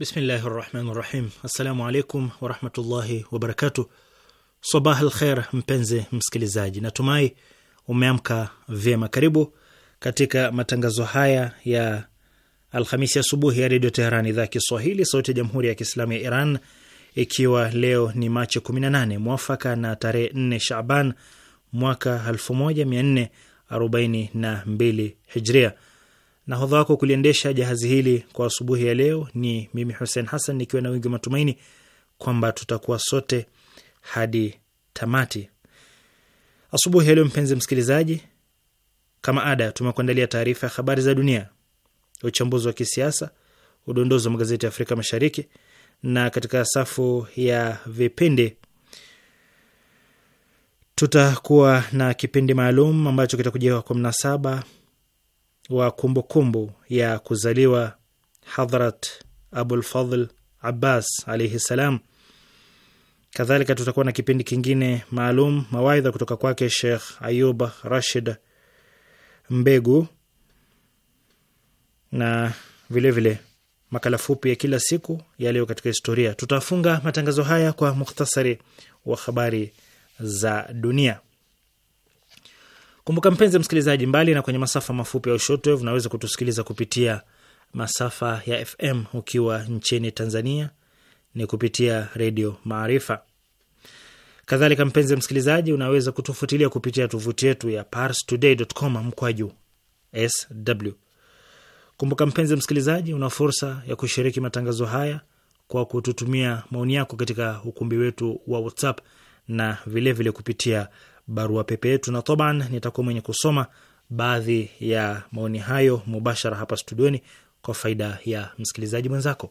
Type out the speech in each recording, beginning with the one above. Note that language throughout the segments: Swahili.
Bismillahi rahmani rahim. Assalamu alaikum warahmatullahi wabarakatuh. Sabah alkher, mpenzi msikilizaji, natumai umeamka vyema. Karibu katika matangazo haya ya Alhamisi asubuhi ya Redio Teheran, idhaa ya Kiswahili, sauti ya Jamhuri ya Kiislamu ya Iran, ikiwa leo ni Machi 18 mwafaka na tarehe 4 Shaban mwaka 1442 Hijria. Nahodha wako kuliendesha jahazi hili kwa asubuhi ya leo ni mimi Hussein Hassan, nikiwa na wingi matumaini kwamba tutakuwa sote hadi tamati asubuhi ya leo. Mpenzi msikilizaji, kama ada, tumekuandalia taarifa ya habari za dunia, uchambuzi wa kisiasa, udondozi wa magazeti ya Afrika Mashariki, na katika safu ya vipindi tutakuwa na kipindi maalum ambacho kitakujia kwa mnasaba wa kumbukumbu kumbu ya kuzaliwa Hadhrat abulfadl Abbas alaihi ssalam Kadhalika tutakuwa na kipindi kingine maalum mawaidha kutoka kwake shekh Ayub Rashid Mbegu, na vilevile vile makala fupi ya kila siku yaliyo katika historia. Tutafunga matangazo haya kwa mukhtasari wa habari za dunia. Kumbuka mpenzi msikilizaji, mbali na kwenye masafa mafupi ya shortwave, unaweza kutusikiliza kupitia masafa ya FM ukiwa nchini Tanzania ni kupitia Redio Maarifa. Kadhalika mpenzi msikilizaji, unaweza kutufuatilia kupitia tovuti yetu ya parstoday.com mkwaju sw. Kumbuka mpenzi msikilizaji, una fursa ya kushiriki matangazo haya kwa kututumia maoni yako katika ukumbi wetu wa WhatsApp na vilevile vile kupitia barua pepe yetu, na toban nitakuwa mwenye kusoma baadhi ya maoni hayo mubashara hapa studioni kwa faida ya msikilizaji mwenzako.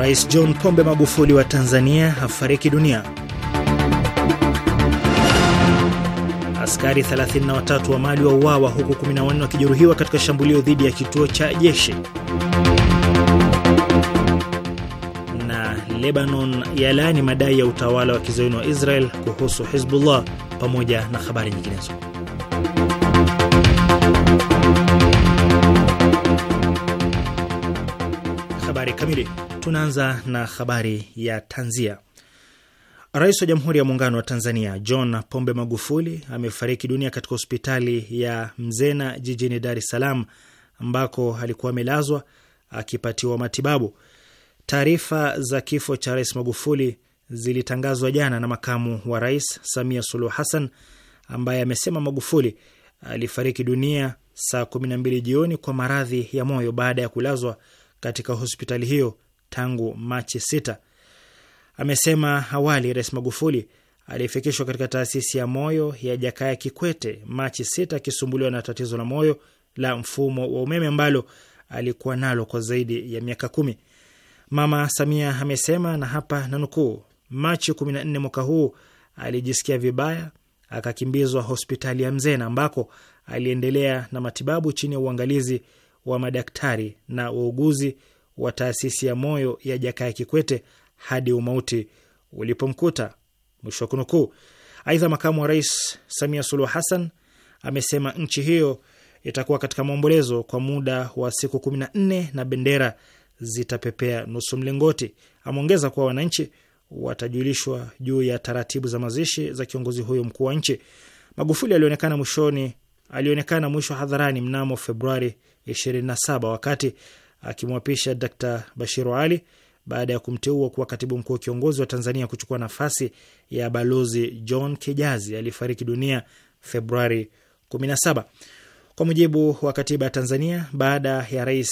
Rais John Pombe Magufuli wa Tanzania hafariki dunia. Askari 33 wa Mali wa uawa huku 14 wakijeruhiwa katika shambulio dhidi ya kituo cha jeshi. Na Lebanon yalaani madai ya utawala wa kizayuni wa Israel kuhusu Hizbullah pamoja na habari nyinginezo. Habari kamili Tunaanza na habari ya tanzia. Rais wa Jamhuri ya Muungano wa Tanzania John Pombe Magufuli amefariki dunia katika hospitali ya Mzena jijini Dar es Salaam, ambako alikuwa amelazwa akipatiwa matibabu. Taarifa za kifo cha Rais Magufuli zilitangazwa jana na makamu wa rais Samia Suluhu Hassan, ambaye amesema Magufuli alifariki dunia saa 12 jioni kwa maradhi ya moyo baada ya kulazwa katika hospitali hiyo tangu Machi 6. Amesema awali Rais Magufuli aliyefikishwa katika taasisi ya moyo ya Jakaya Kikwete Machi 6 akisumbuliwa na tatizo la moyo la mfumo wa umeme ambalo alikuwa nalo kwa zaidi ya miaka kumi. Mama Samia amesema, na hapa nanukuu, Machi 14 mwaka huu alijisikia vibaya akakimbizwa hospitali ya Mzena ambako aliendelea na matibabu chini ya uangalizi wa madaktari na wauguzi wa taasisi ya moyo ya Jakaya Kikwete hadi umauti ulipomkuta, mwisho wa kunukuu. Aidha, makamu wa rais Samia Suluhu Hassan amesema nchi hiyo itakuwa katika maombolezo kwa muda wa siku 14 na bendera zitapepea nusu mlingoti. Ameongeza kuwa wananchi watajulishwa juu ya taratibu za mazishi za kiongozi huyo mkuu wa nchi. Magufuli alionekana mwishoni alionekana mwisho hadharani mnamo Februari 27 wakati akimwapisha Dkt Bashiru Ali baada ya kumteua kuwa katibu mkuu kiongozi wa Tanzania kuchukua nafasi ya Balozi John Kijazi aliyefariki dunia Februari 17. Kwa mujibu wa katiba ya Tanzania, baada ya Rais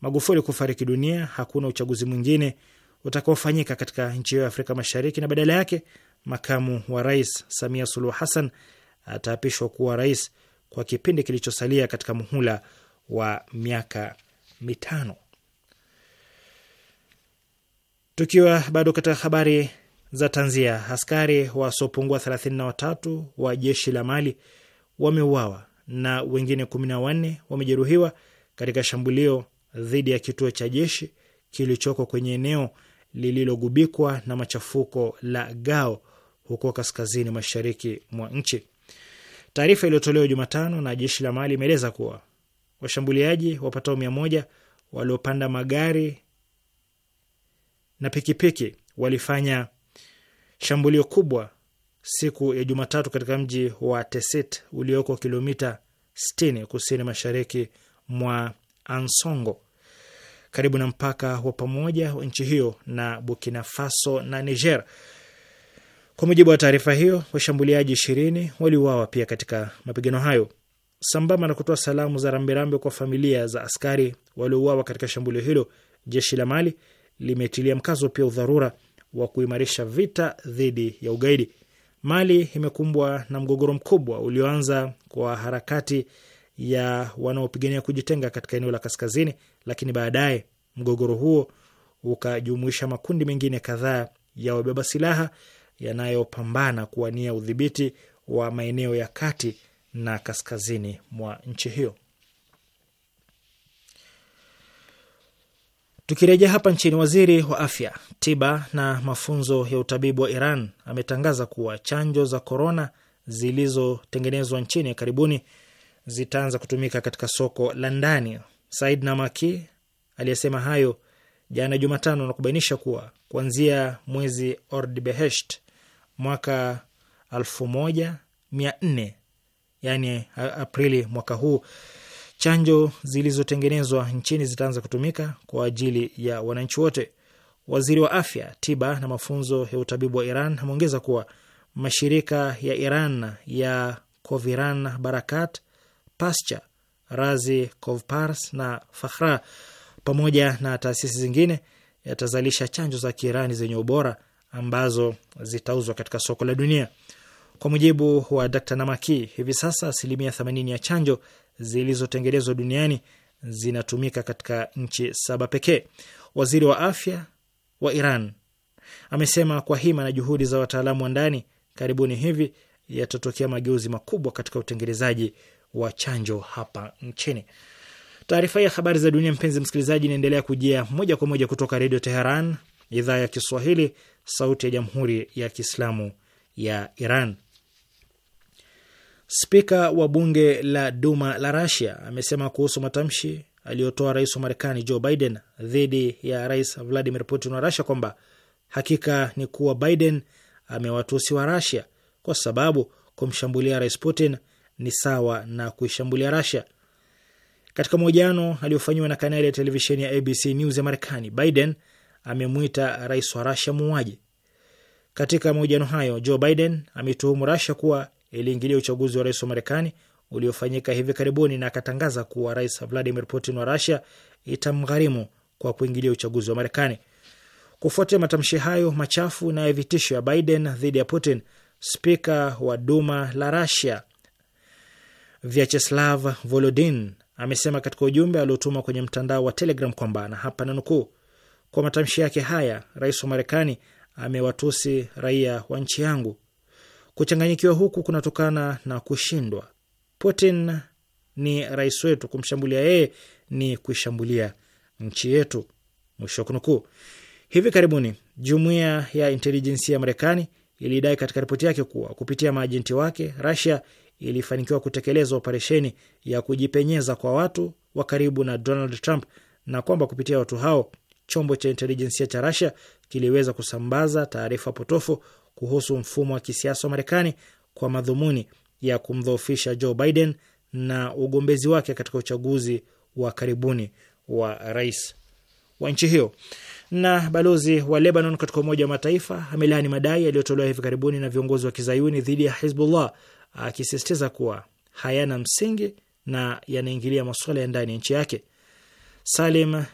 Magufuli kufariki dunia hakuna uchaguzi mwingine utakaofanyika katika nchi hiyo ya Afrika Mashariki, na badala yake makamu wa rais Samia Suluhu Hassan ataapishwa kuwa rais kwa kipindi kilichosalia katika muhula wa miaka mitano. Tukiwa bado katika habari za tanzia, askari wasiopungua thelathini na watatu wa jeshi la Mali wameuawa na wengine kumi na wanne wamejeruhiwa katika shambulio dhidi ya kituo cha jeshi kilichoko kwenye eneo lililogubikwa na machafuko la Gao huko kaskazini mashariki mwa nchi. Taarifa iliyotolewa Jumatano na jeshi la Mali imeeleza kuwa Washambuliaji wapatao mia moja waliopanda magari na pikipiki walifanya shambulio kubwa siku ya Jumatatu katika mji wa Tesit ulioko kilomita 60 kusini mashariki mwa Ansongo karibu na mpaka wa pamoja wa nchi hiyo na Burkina Faso na Niger. Kwa mujibu wa taarifa hiyo, washambuliaji ishirini waliuawa pia katika mapigano hayo sambamba na kutoa salamu za rambirambe kwa familia za askari waliouawa katika shambulio hilo. Jeshi la Mali limetilia mkazo pia udharura wa kuimarisha vita dhidi ya ugaidi. Mali imekumbwa na mgogoro mkubwa ulioanza kwa harakati ya wanaopigania kujitenga katika eneo la kaskazini, lakini baadaye mgogoro huo ukajumuisha makundi mengine kadhaa ya wabeba silaha yanayopambana kuwania udhibiti wa maeneo ya kati na kaskazini mwa nchi hiyo. Tukirejea hapa nchini, waziri wa afya, tiba na mafunzo ya utabibu wa Iran ametangaza kuwa chanjo za korona zilizotengenezwa nchini karibuni zitaanza kutumika katika soko la ndani. Said Namaki aliyesema hayo jana Jumatano na kubainisha kuwa kuanzia mwezi Ordibehesht mwaka mia yani Aprili mwaka huu. Chanjo zilizotengenezwa nchini zitaanza kutumika kwa ajili ya wananchi wote. Waziri wa afya, tiba na mafunzo ya utabibu wa Iran ameongeza kuwa mashirika ya Iran ya Coviran Barakat, Pascha, Razi covpars na Fakhra pamoja na taasisi zingine yatazalisha chanjo za Kiirani zenye ubora ambazo zitauzwa katika soko la dunia. Kwa mujibu wa Dr Namaki, hivi sasa asilimia 80 ya chanjo zilizotengenezwa duniani zinatumika katika nchi saba pekee. Waziri wa afya wa Iran amesema kwa hima na juhudi za wataalamu wa ndani, karibuni hivi yatatokea mageuzi makubwa katika utengenezaji wa chanjo hapa nchini. Taarifa hii ya habari za dunia, mpenzi msikilizaji, inaendelea kujia moja kwa moja kutoka Redio Teheran, idhaa ya Kiswahili, sauti ya Jamhuri ya Kiislamu ya Iran. Spika wa bunge la Duma la Rasia amesema kuhusu matamshi aliyotoa rais wa Marekani Joe Biden dhidi ya rais Vladimir Putin wa Rasia kwamba hakika ni kuwa Biden amewatusi wa Rasia kwa sababu kumshambulia rais Putin ni sawa na kuishambulia Rasia. Katika mahojiano aliyofanyiwa na kanali ya televisheni ya ABC News ya Marekani, Biden amemwita rais wa Rasia muuaji. Katika mahojiano hayo, Joe Biden ametuhumu Rasia kuwa iliingilia uchaguzi wa rais wa Marekani uliofanyika hivi karibuni na akatangaza kuwa rais Vladimir Putin wa Rusia itamgharimu kwa kuingilia uchaguzi wa Marekani. Kufuatia matamshi hayo machafu na ya vitisho ya Biden dhidi ya Putin, spika wa Duma la Rasia Vyacheslav Volodin amesema katika ujumbe aliotuma kwenye mtandao wa Telegram kwamba na hapa nanukuu, kwa matamshi yake haya rais wa Marekani amewatusi raia wa nchi yangu, Kuchanganyikiwa huku kunatokana na kushindwa. Putin ni rais wetu, kumshambulia yeye ni kuishambulia nchi yetu, mwisho wa kunukuu. Hivi karibuni jumuiya ya intelijensia ya Marekani ilidai katika ripoti yake kuwa kupitia maajenti wake Rasia ilifanikiwa kutekeleza operesheni ya kujipenyeza kwa watu wa karibu na Donald Trump na kwamba kupitia watu hao chombo cha intelijensia cha Rasia kiliweza kusambaza taarifa potofu kuhusu mfumo wa kisiasa wa Marekani kwa madhumuni ya kumdhoofisha Joe Biden na ugombezi wake katika uchaguzi wa karibuni wa rais wa nchi hiyo. Na balozi wa Lebanon katika Umoja wa Mataifa amelaani madai yaliyotolewa hivi karibuni na viongozi wa kizayuni dhidi ya Hizbullah, akisisitiza kuwa hayana msingi na yanaingilia masuala ya ndani ya nchi yake. Salim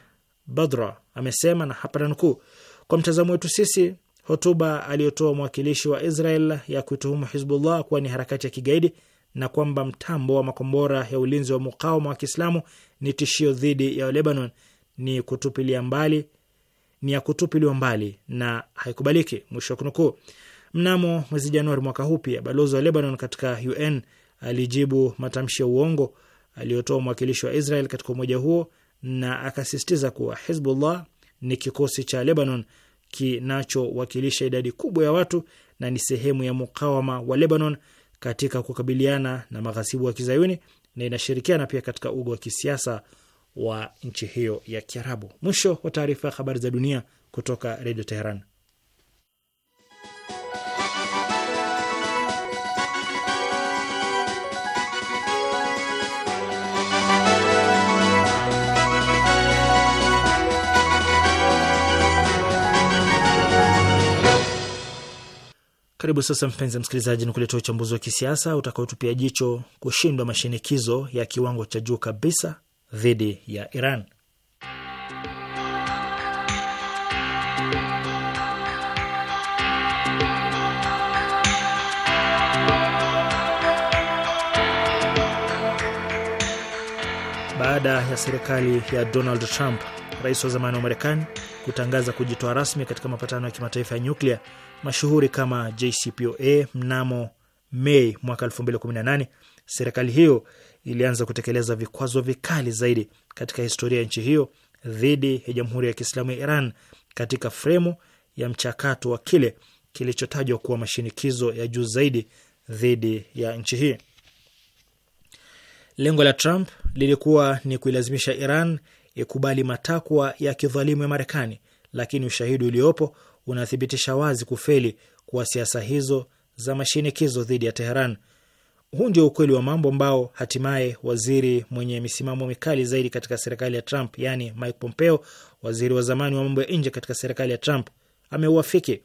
Badra amesema, na hapa nanukuu: kwa mtazamo wetu sisi Hotuba aliyotoa mwakilishi wa Israel ya kuituhumu Hizbullah kuwa ni harakati ya kigaidi na kwamba mtambo wa makombora ya ulinzi wa mukawama wa Kiislamu ni tishio dhidi ya Lebanon ni kutupilia mbali ni ya kutupiliwa mbali na haikubaliki, mwisho wa kunukuu. Mnamo mwezi Januari mwaka huu pia balozi wa Lebanon katika UN alijibu matamshi ya uongo aliyotoa mwakilishi wa Israel katika umoja huo na akasisitiza kuwa Hizbullah ni kikosi cha Lebanon kinachowakilisha idadi kubwa ya watu na ni sehemu ya mukawama wa Lebanon katika kukabiliana na maghasibu wa kizayuni na inashirikiana pia katika ugo wa kisiasa wa nchi hiyo ya Kiarabu. Mwisho wa taarifa ya habari za dunia kutoka Redio Teheran. Karibu sasa, mpenzi msikilizaji, ni kuletea uchambuzi wa kisiasa utakaotupia jicho kushindwa mashinikizo ya kiwango cha juu kabisa dhidi ya Iran. Baada ya serikali ya Donald Trump, rais wa zamani wa Marekani, kutangaza kujitoa rasmi katika mapatano ya kimataifa ya nyuklia mashuhuri kama JCPOA mnamo Mei mwaka 2018, serikali hiyo ilianza kutekeleza vikwazo vikali zaidi katika historia ya nchi hiyo dhidi ya Jamhuri ya Kiislamu ya Iran katika fremu ya mchakato wa kile kilichotajwa kuwa mashinikizo ya juu zaidi dhidi ya nchi hii. Lengo la Trump lilikuwa ni kuilazimisha Iran ikubali matakwa ya kidhalimu ya Marekani, lakini ushahidi uliopo unathibitisha wazi kufeli kwa siasa hizo za mashinikizo dhidi ya Teheran. Huu ndio ukweli wa mambo ambao hatimaye waziri mwenye misimamo mikali zaidi katika serikali ya Trump, yani Mike Pompeo, waziri wa zamani wa mambo ya nje katika serikali ya Trump, ameuafiki.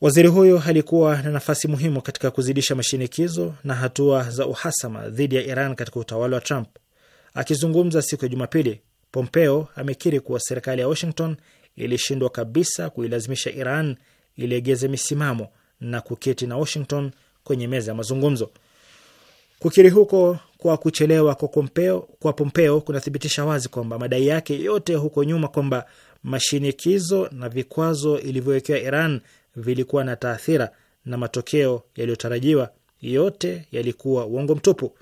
Waziri huyo alikuwa na nafasi muhimu katika kuzidisha mashinikizo na hatua za uhasama dhidi ya Iran katika utawala wa Trump. Akizungumza siku ya Jumapili, Pompeo amekiri kuwa serikali ya Washington ilishindwa kabisa kuilazimisha Iran ilegeze misimamo na kuketi na Washington kwenye meza ya mazungumzo. Kukiri huko kwa kuchelewa kwa Pompeo, kwa Pompeo kunathibitisha wazi kwamba madai yake yote huko nyuma kwamba mashinikizo na vikwazo ilivyowekewa Iran vilikuwa na taathira na matokeo yaliyotarajiwa yote yalikuwa uongo mtupu.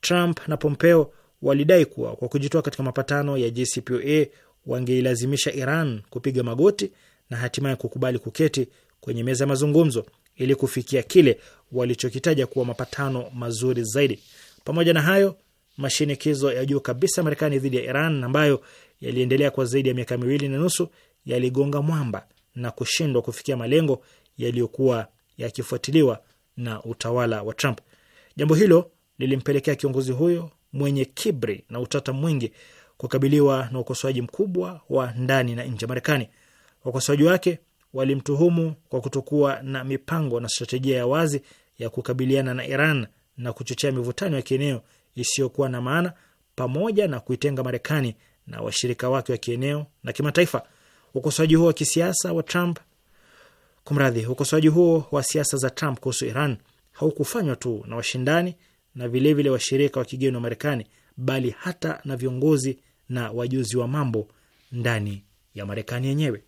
Trump na Pompeo walidai kuwa kwa kujitoa katika mapatano ya JCPOA wangeilazimisha Iran kupiga magoti na hatimaye kukubali kuketi kwenye meza ya mazungumzo ili kufikia kile walichokitaja kuwa mapatano mazuri zaidi. Pamoja na hayo, mashinikizo ya juu kabisa Marekani dhidi ya Iran ambayo yaliendelea kwa zaidi ya miaka miwili na nusu yaligonga mwamba na kushindwa kufikia malengo yaliyokuwa yakifuatiliwa na utawala wa Trump. Jambo hilo lilimpelekea kiongozi huyo mwenye kibri na utata mwingi kukabiliwa na ukosoaji mkubwa wa ndani na nje ya Marekani. Wakosoaji wake walimtuhumu kwa kutokuwa na mipango na strategia ya wazi ya kukabiliana na Iran na kuchochea mivutano ya kieneo isiyokuwa na maana pamoja na kuitenga Marekani na washirika wake wa kieneo na kimataifa. Ukosoaji huo wa kisiasa wa Trump, kumradhi, ukosoaji huo wa siasa za Trump kuhusu Iran haukufanywa tu na washindani na vilevile washirika wa kigeni wa Marekani, bali hata na viongozi na wajuzi wa mambo ndani ya Marekani yenyewe.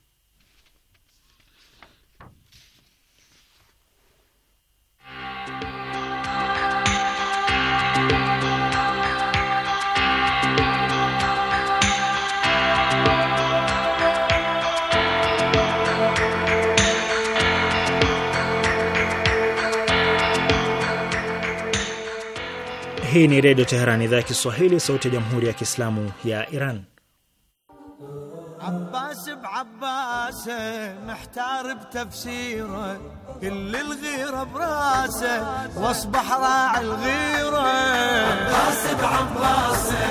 Hii ni Redio Teherani, idhaa ya Kiswahili, sauti ya Jamhuri ya Kiislamu ya Iran. عباس بعباسه محتار بتفسيره كل الغيرة براسه واصبح راعي الغيرة عباس بعباسه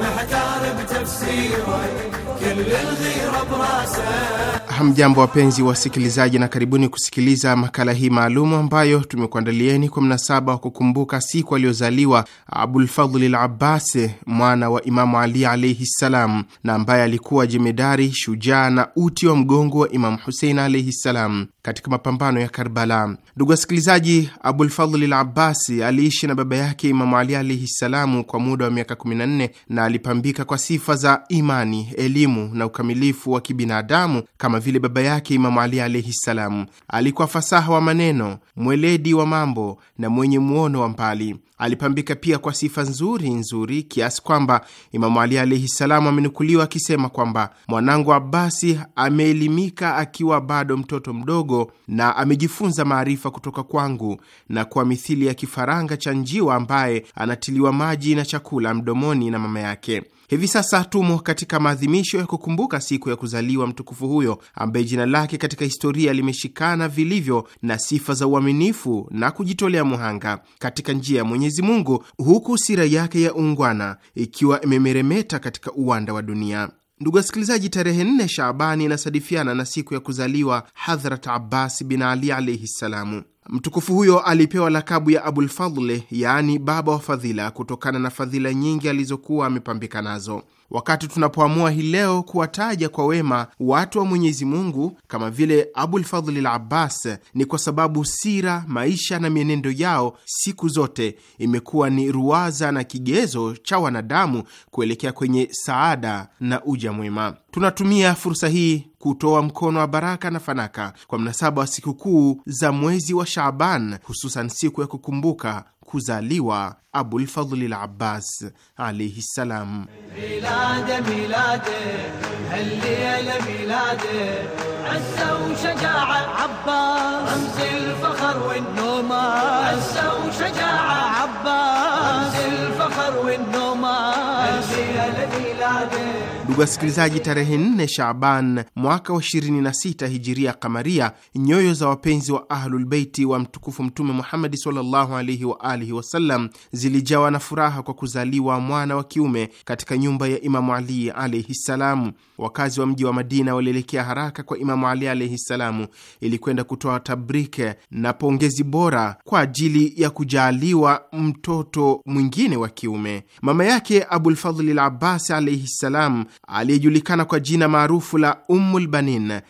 محتار بتفسيره كل الغيرة براسه Hamjambo, wapenzi wasikilizaji, na karibuni kusikiliza makala hii maalumu ambayo tumekuandalieni kwa mnasaba wa kukumbuka siku aliyozaliwa Abulfadhli l Abbas, mwana wa Imamu Ali alaihi ssalam, na ambaye alikuwa jemedari shujaa na uti wa mgongo wa Imamu Husein alaihi ssalam katika mapambano ya Karbala. Ndugu wasikilizaji, Abulfadhli l Abbas aliishi na baba yake Imamu Ali alaihi ssalamu kwa muda wa miaka 14 na alipambika kwa sifa za imani, elimu na ukamilifu wa kibinadamu kama vile vile baba yake Imamu Ali alaihi ssalam, alikuwa fasaha wa maneno, mweledi wa mambo na mwenye muono wa mbali. Alipambika pia kwa sifa nzuri nzuri kiasi kwamba Imamu Ali alaihi salamu amenukuliwa akisema kwamba mwanangu Abasi ameelimika akiwa bado mtoto mdogo na amejifunza maarifa kutoka kwangu, na kwa mithili ya kifaranga cha njiwa ambaye anatiliwa maji na chakula mdomoni na mama yake. Hivi sasa tumo katika maadhimisho ya kukumbuka siku ya kuzaliwa mtukufu huyo ambaye jina lake katika historia limeshikana vilivyo na sifa za uaminifu na kujitolea muhanga katika njia ya Mwenyezi Mwenyezi Mungu, huku sira yake ya ungwana ikiwa imemeremeta katika uwanda wa dunia. Ndugu wasikilizaji, tarehe nne Shaabani inasadifiana na siku ya kuzaliwa Hadhrat Abbas bin Ali alaihi ssalamu. Mtukufu huyo alipewa lakabu ya Abulfadli, yaani baba wa fadhila, kutokana na fadhila nyingi alizokuwa amepambika nazo wakati tunapoamua hii leo kuwataja kwa wema watu wa Mwenyezi Mungu kama vile Abulfadhli Abbas, ni kwa sababu sira, maisha na mienendo yao siku zote imekuwa ni ruwaza na kigezo cha wanadamu kuelekea kwenye saada na uja mwema. Tunatumia fursa hii kutoa mkono wa baraka na fanaka kwa mnasaba wa sikukuu za mwezi wa Shaaban, hususan siku ya kukumbuka kuzaliwa عليه السلام ميلاد Abbas هالليلة salam. عزة وشجاعة عباس رمز الفخر والنومة عزة وشجاعة عباس رمز الفخر والنومة هالليلة هي Ndugu wasikilizaji, tarehe 4 shaban mwaka wa 26 hijiria kamaria, nyoyo za wapenzi wa Ahlulbeiti wa mtukufu Mtume Muhammadi sallallahu alaihi wa alihi wasallam zilijawa na furaha kwa kuzaliwa mwana wa kiume katika nyumba ya Imamu Ali alaihi ssalamu. Wakazi wa mji wa Madina walielekea haraka kwa Imamu Ali alaihi ssalamu ili kwenda kutoa tabrike na pongezi bora kwa ajili ya kujaaliwa mtoto mwingine wa kiume. Mama yake Abulfadhli al Abbas alaihi ssalam aliyejulikana kwa jina maarufu la Ummul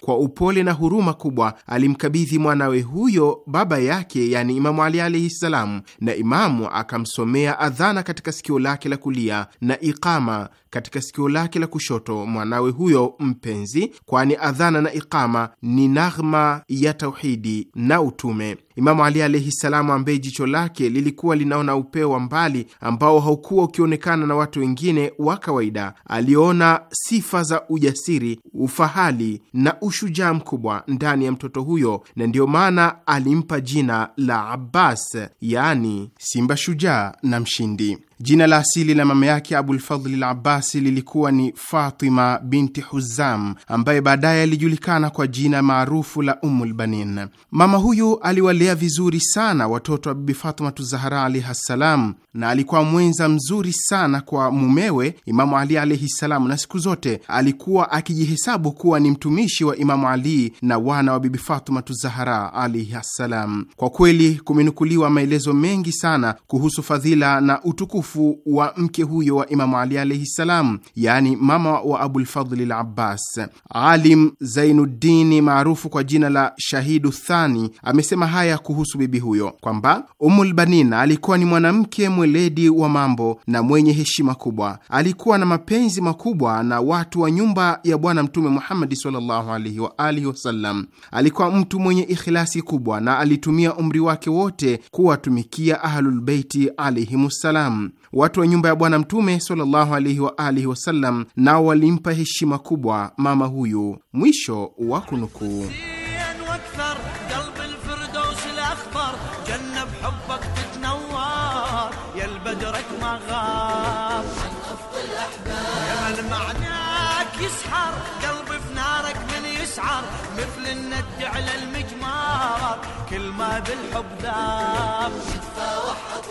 kwa upole na huruma kubwa alimkabidhi mwanawe huyo baba yake, yani Imamu Ali alaihi ssalam, na Imamu akamsomea adhana katika sikio lake la kulia na iqama katika sikio lake la kushoto mwanawe huyo mpenzi, kwani adhana na iqama ni naghma ya tauhidi na utume. Imamu Ali alaihi salamu, ambaye jicho lake lilikuwa linaona upeo wa mbali ambao haukuwa ukionekana na watu wengine wa kawaida, aliona sifa za ujasiri, ufahali na ushujaa mkubwa ndani ya mtoto huyo, na ndiyo maana alimpa jina la Abbas, yaani simba shujaa na mshindi. Jina la asili la mama yake Abulfadhli l Abbasi lilikuwa ni Fatima binti Huzam, ambaye baadaye alijulikana kwa jina maarufu la Ummulbanin. Mama huyu aliwalea vizuri sana watoto wa Bibi Fatimatu Zahara alaihi ssalam, na alikuwa mwenza mzuri sana kwa mumewe Imamu Ali alaihi ssalam, na siku zote alikuwa akijihesabu kuwa ni mtumishi wa Imamu Ali na wana wa Bibi Fatimatu Zahara alaihi ssalam. Kwa kweli kumenukuliwa maelezo mengi sana kuhusu fadhila na utukufu utukufu wa mke huyo wa Imamu Ali alaihi ssalam, yani mama wa Abulfadhli l Abbas. Alim Zainuddini maarufu kwa jina la Shahidu Thani amesema haya kuhusu bibi huyo kwamba Umulbanina alikuwa ni mwanamke mweledi wa mambo na mwenye heshima kubwa. Alikuwa na mapenzi makubwa na watu wa nyumba ya Bwana Mtume Muhammadi sallallahu alaihi wa alihi wasallam. Alikuwa mtu mwenye ikhilasi kubwa na alitumia umri wake wote kuwatumikia Ahlulbeiti alaihimussalam. Watu wa nyumba ya Bwana Mtume sallallahu alaihi wa alihi wasallam nao walimpa heshima kubwa mama huyu. Mwisho wa kunukuu. ندي على المجمار كل ما بالحب ذاب شفا وحط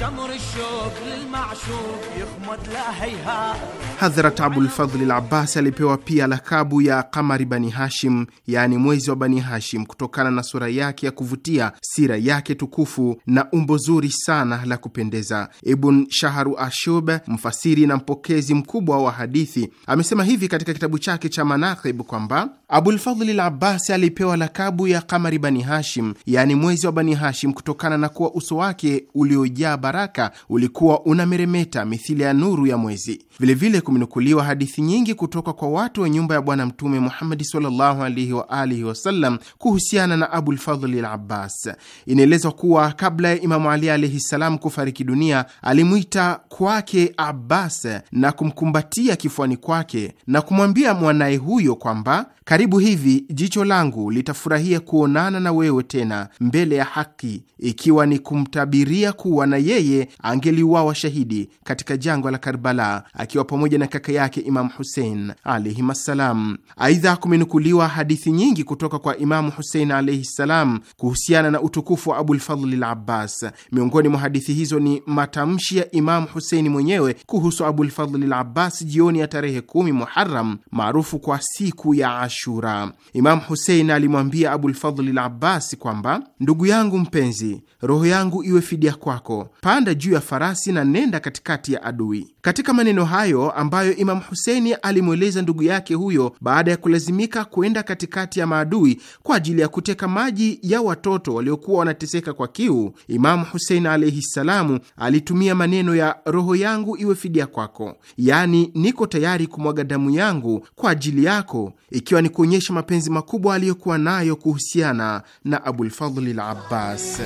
جمر الشوق للمعشوق يخمد لا هيها Hadhrat Abul Fadhli al-Abbas alipewa pia lakabu ya Kamari Bani Hashim, yaani mwezi wa Bani Hashim, kutokana na sura yake ya kuvutia, sira yake tukufu na umbo zuri sana la kupendeza. Ibn Shaharu Ashub, mfasiri na mpokezi mkubwa wa hadithi, amesema hivi katika kitabu chake cha Manaqib kwamba Abulfadhli l Abbasi alipewa lakabu ya Kamari Bani Hashim, yaani mwezi wa Bani Hashim, kutokana na kuwa uso wake uliojaa baraka ulikuwa unameremeta mithili ya nuru ya mwezi. Vilevile kumenukuliwa hadithi nyingi kutoka kwa watu wa nyumba ya Bwana Mtume Muhammadi sallallahu alaihi wa alihi wasallam kuhusiana na Abulfadhli l Abbas. Inaelezwa kuwa kabla ya Imamu Ali alaihi ssalam kufariki dunia, alimwita kwake Abbas na kumkumbatia kifuani kwake na kumwambia mwanaye huyo kwamba karibu hivi jicho langu litafurahia kuonana na wewe tena mbele ya haki, ikiwa ni kumtabiria kuwa na yeye angeliuawa shahidi katika jangwa la Karbala akiwa pamoja na kaka yake Imamu Husein alaihim assalam. Aidha, kumenukuliwa hadithi nyingi kutoka kwa Imamu Husein alaihi ssalam kuhusiana na utukufu wa Abulfadhli l Abbas. Miongoni mwa hadithi hizo ni matamshi ya Imamu Huseini mwenyewe kuhusu Abulfadhli l Abbas jioni ya tarehe kumi Muharam maarufu kwa siku ya Ashu. Ashura. Imamu Husein alimwambia Abulfadhli Abbasi kwamba ndugu yangu mpenzi, roho yangu iwe fidia kwako, panda juu ya farasi na nenda katikati ya adui. Katika maneno hayo ambayo Imamu Huseini alimweleza ndugu yake huyo baada ya kulazimika kuenda katikati ya maadui kwa ajili ya kuteka maji ya watoto waliokuwa wanateseka kwa kiu, Imamu Husein alaihi ssalamu alitumia maneno ya roho yangu iwe fidia kwako, yaani niko tayari kumwaga damu yangu kwa ajili yako, ikiwa ni kuonyesha mapenzi makubwa aliyokuwa nayo kuhusiana na Abulfadhli al Abbas.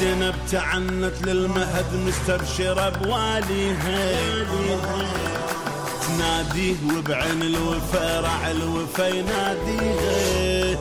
زينب تعنت للمهد مستبشرة بواليها تناديه وبعين الوفا راع الوفا يناديه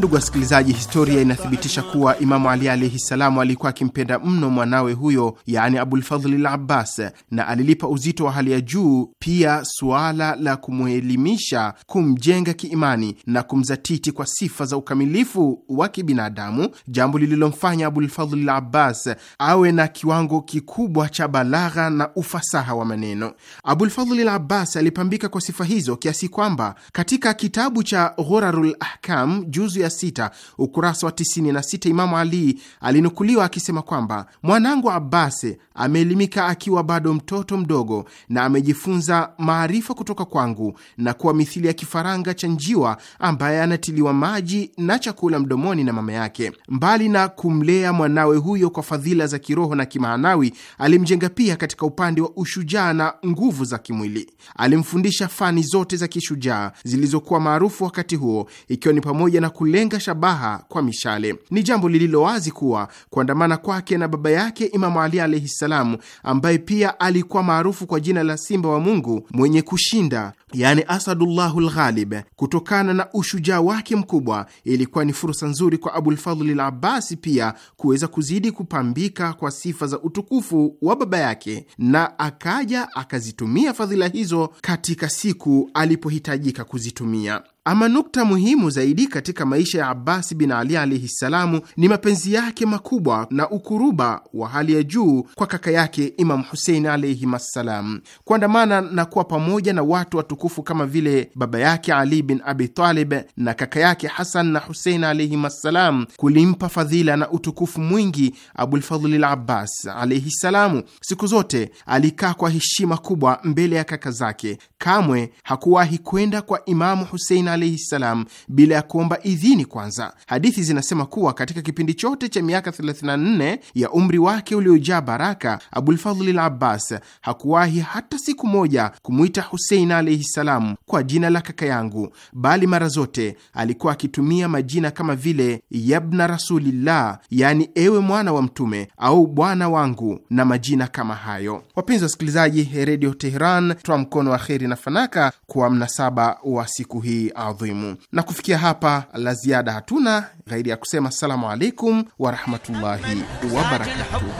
Ndugu wasikilizaji, historia inathibitisha kuwa Imamu Ali alaihi ssalamu alikuwa akimpenda mno mwanawe huyo, yaani Abulfadhli l Abbas, na alilipa uzito wa hali ya juu pia suala la kumwelimisha, kumjenga kiimani na kumzatiti kwa sifa za ukamilifu wa kibinadamu, jambo lililomfanya Abulfadhli l Abbas awe na kiwango kikubwa cha balagha na ufasaha wa maneno. Abulfadhli l Abbas alipambika kwa sifa hizo kiasi kwamba katika kitabu cha Ghurarul Ahkam juzu ya 6 ukurasa wa 96, Imamu Ali alinukuliwa akisema kwamba mwanangu abbas ameelimika akiwa bado mtoto mdogo na amejifunza maarifa kutoka kwangu na kuwa mithili ya kifaranga cha njiwa ambaye anatiliwa maji na chakula mdomoni na mama yake. Mbali na kumlea mwanawe huyo kwa fadhila za kiroho na kimaanawi, alimjenga pia katika upande wa ushujaa na nguvu za kimwili. Alimfundisha fani zote za kishujaa zilizokuwa maarufu wakati huo, ikiwa ni pamoja na kule kulenga shabaha kwa mishale. Ni jambo lililo wazi kuwa kuandamana kwake na baba yake Imamu Ali alaihi salamu, ambaye pia alikuwa maarufu kwa jina la Simba wa Mungu mwenye kushinda, yani Asadullahul Ghalib, kutokana na ushujaa wake mkubwa, ilikuwa ni fursa nzuri kwa Abulfadhli l Abasi pia kuweza kuzidi kupambika kwa sifa za utukufu wa baba yake, na akaja akazitumia fadhila hizo katika siku alipohitajika kuzitumia. Ama nukta muhimu zaidi katika maisha ya abasi bin Ali alaihi ssalamu ni mapenzi yake makubwa na ukuruba wa hali ya juu kwa kaka yake Imamu Husein alaihim assalam, kuandamana na kuwa pamoja na watu watukufu kama vile baba yake Ali bin Abi Talib na kaka yake Hasan na Husein alaihim assalam kulimpa fadhila na utukufu mwingi. Abulfadhli l Abbas alaihi ssalamu siku zote alikaa kwa heshima kubwa mbele ya kaka zake, kamwe hakuwahi kwenda kwa Imamu Husein alaihi ssalam bila ya kuomba idhini kwanza. Hadithi zinasema kuwa katika kipindi chote cha miaka 34 ya umri wake uliojaa baraka, Abulfadhlil Abbas hakuwahi hata siku moja kumwita Husein alaihi ssalam kwa jina la kaka yangu, bali mara zote alikuwa akitumia majina kama vile yabna rasulillah, yani ewe mwana wa Mtume au bwana wangu na majina kama hayo. Wapenzi wasikilizaji, Redio Teheran twa mkono wa kheri na fanaka kwa mnasaba wa siku hii adhimu. Na kufikia hapa, la ziada hatuna ghairi ya kusema assalamu alaikum warahmatullahi wabarakatuh.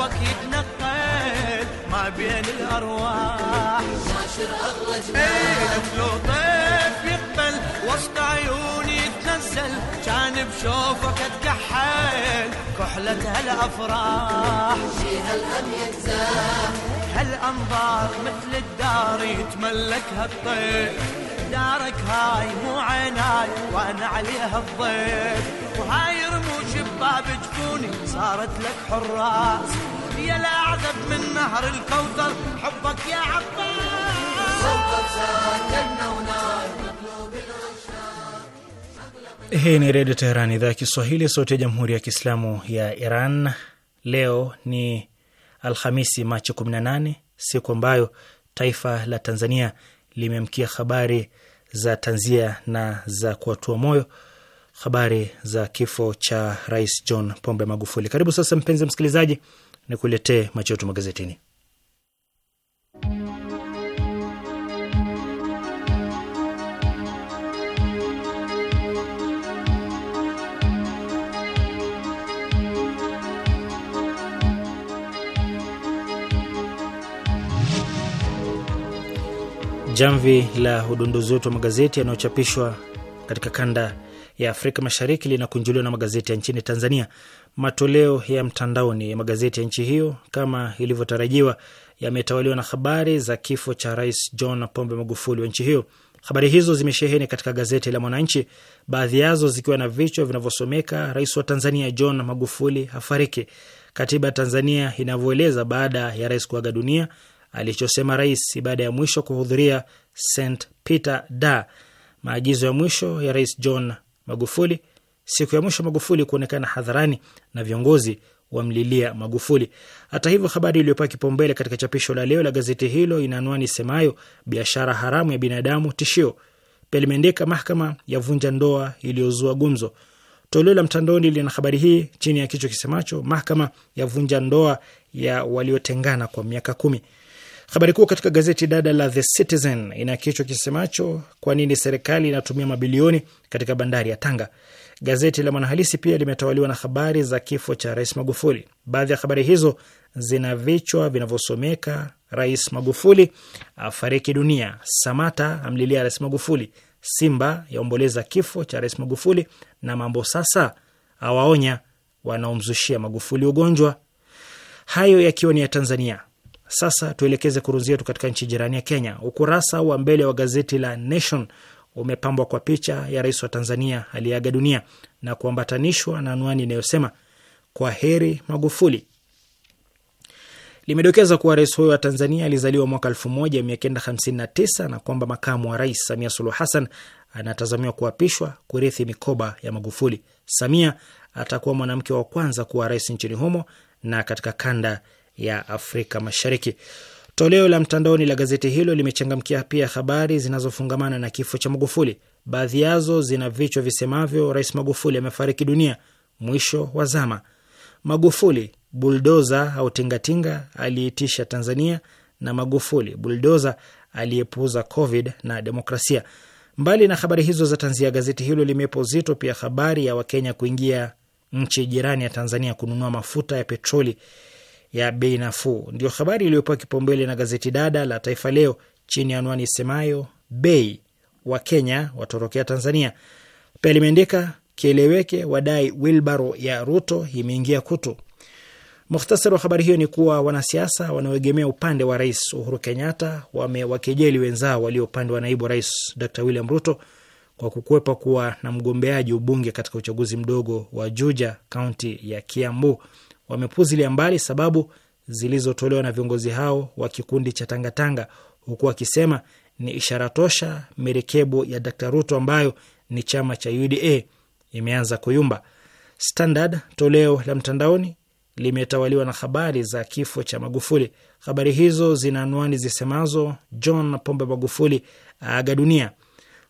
كان بشوفك اتكحل كحلة هالافراح فيها الهم يجزاح هالانظار مثل الدار يتملكها الطير دارك هاي مو عناي وانا عليها الضيف وهاي رموش بباب جفوني صارت لك حراس يا الاعذب من نهر الكوثر حبك يا عباس hii ni Redio Teheran, idhaa ya Kiswahili, sauti ya Jamhuri ya Kiislamu ya Iran. Leo ni Alhamisi, Machi 18, siku ambayo taifa la Tanzania limeamkia habari za tanzia na za kuatua moyo habari za kifo cha Rais John Pombe Magufuli. Karibu sasa, mpenzi msikilizaji, nikuletee macho yetu magazetini. Jamvi la udondozi wetu wa magazeti yanayochapishwa katika kanda ya Afrika Mashariki linakunjuliwa na magazeti ya nchini Tanzania. Matoleo ya mtandaoni ya magazeti ya nchi hiyo kama ilivyotarajiwa yametawaliwa na habari za kifo cha Rais John Pombe Magufuli wa nchi hiyo. Habari hizo zimesheheni katika gazeti la Mwananchi, baadhi yazo zikiwa na vichwa vinavyosomeka: Rais wa Tanzania John Magufuli hafariki, katiba ya Tanzania inavyoeleza baada ya rais kuaga dunia, alichosema rais baada ya mwisho kuhudhuria St Peter da. Maagizo ya mwisho ya Rais John Magufuli, siku ya mwisho Magufuli kuonekana hadharani na viongozi wamlilia Magufuli. Hata hivyo, habari iliyopewa kipaumbele katika chapisho la leo la gazeti hilo ina anwani semayo biashara haramu ya binadamu tishio. Pia limeandika mahakama yavunja ndoa iliyozua gumzo. Toleo la mtandaoni lina habari hii chini ya kichwa kisemacho mahakama yavunja ndoa ya waliotengana kwa miaka kumi. Habari kuu katika gazeti dada la The Citizen ina kichwa kisemacho kwa nini serikali inatumia mabilioni katika bandari ya Tanga. Gazeti la Mwanahalisi pia limetawaliwa na habari za kifo cha Rais Magufuli. Baadhi ya habari hizo zina vichwa vinavyosomeka Rais Magufuli afariki dunia, Samata amlilia Rais Magufuli, Simba yaomboleza kifo cha Rais Magufuli, na mambo sasa awaonya wanaomzushia Magufuli ugonjwa. Hayo yakiwa ni ya Tanzania. Sasa tuelekeze kurunzi yetu katika nchi jirani ya Kenya. Ukurasa wa mbele wa gazeti la Nation umepambwa kwa picha ya rais wa Tanzania aliyeaga dunia na kuambatanishwa na anwani inayosema kwa heri Magufuli. Limedokeza kuwa rais huyo wa Tanzania alizaliwa mwaka 1959 na kwamba makamu wa rais Samia Suluhu Hassan anatazamiwa kuapishwa kurithi mikoba ya Magufuli. Samia atakuwa mwanamke wa kwanza kuwa rais nchini humo na katika kanda ya Afrika Mashariki. Toleo la mtandaoni la gazeti hilo limechangamkia pia habari zinazofungamana na kifo cha Magufuli. Baadhi yazo zina vichwa visemavyo: Rais Magufuli amefariki dunia, mwisho wa zama; Magufuli buldoza au tingatinga aliyeitisha Tanzania; na Magufuli buldoza aliyepuuza Covid na demokrasia. Mbali na habari hizo za tanzia, gazeti hilo limepo zito pia habari ya Wakenya kuingia nchi jirani ya Tanzania kununua mafuta ya petroli ya bei nafuu, ndio habari iliyopewa kipaumbele na gazeti dada la Taifa Leo chini ya anwani isemayo bei wa Kenya watorokea Tanzania. Pia limeandika kieleweke, wadai wilbaro ya Ruto imeingia kutu. Mukhtasari wa habari hiyo ni kuwa wanasiasa wanaoegemea upande wa rais Uhuru Kenyatta wamewakejeli wenzao walio upande wa naibu rais Dr William Ruto kwa kukwepa kuwa na mgombeaji ubunge katika uchaguzi mdogo wa Juja, kaunti ya Kiambu wamepuzilia mbali sababu zilizotolewa na viongozi hao wa kikundi cha Tangatanga, huku wakisema ni ishara tosha merekebo ya Dkt Ruto ambayo ni chama cha UDA imeanza kuyumba. Standard toleo la mtandaoni limetawaliwa na habari za kifo cha Magufuli. Habari hizo zina anwani zisemazo: John Pombe Magufuli aaga dunia,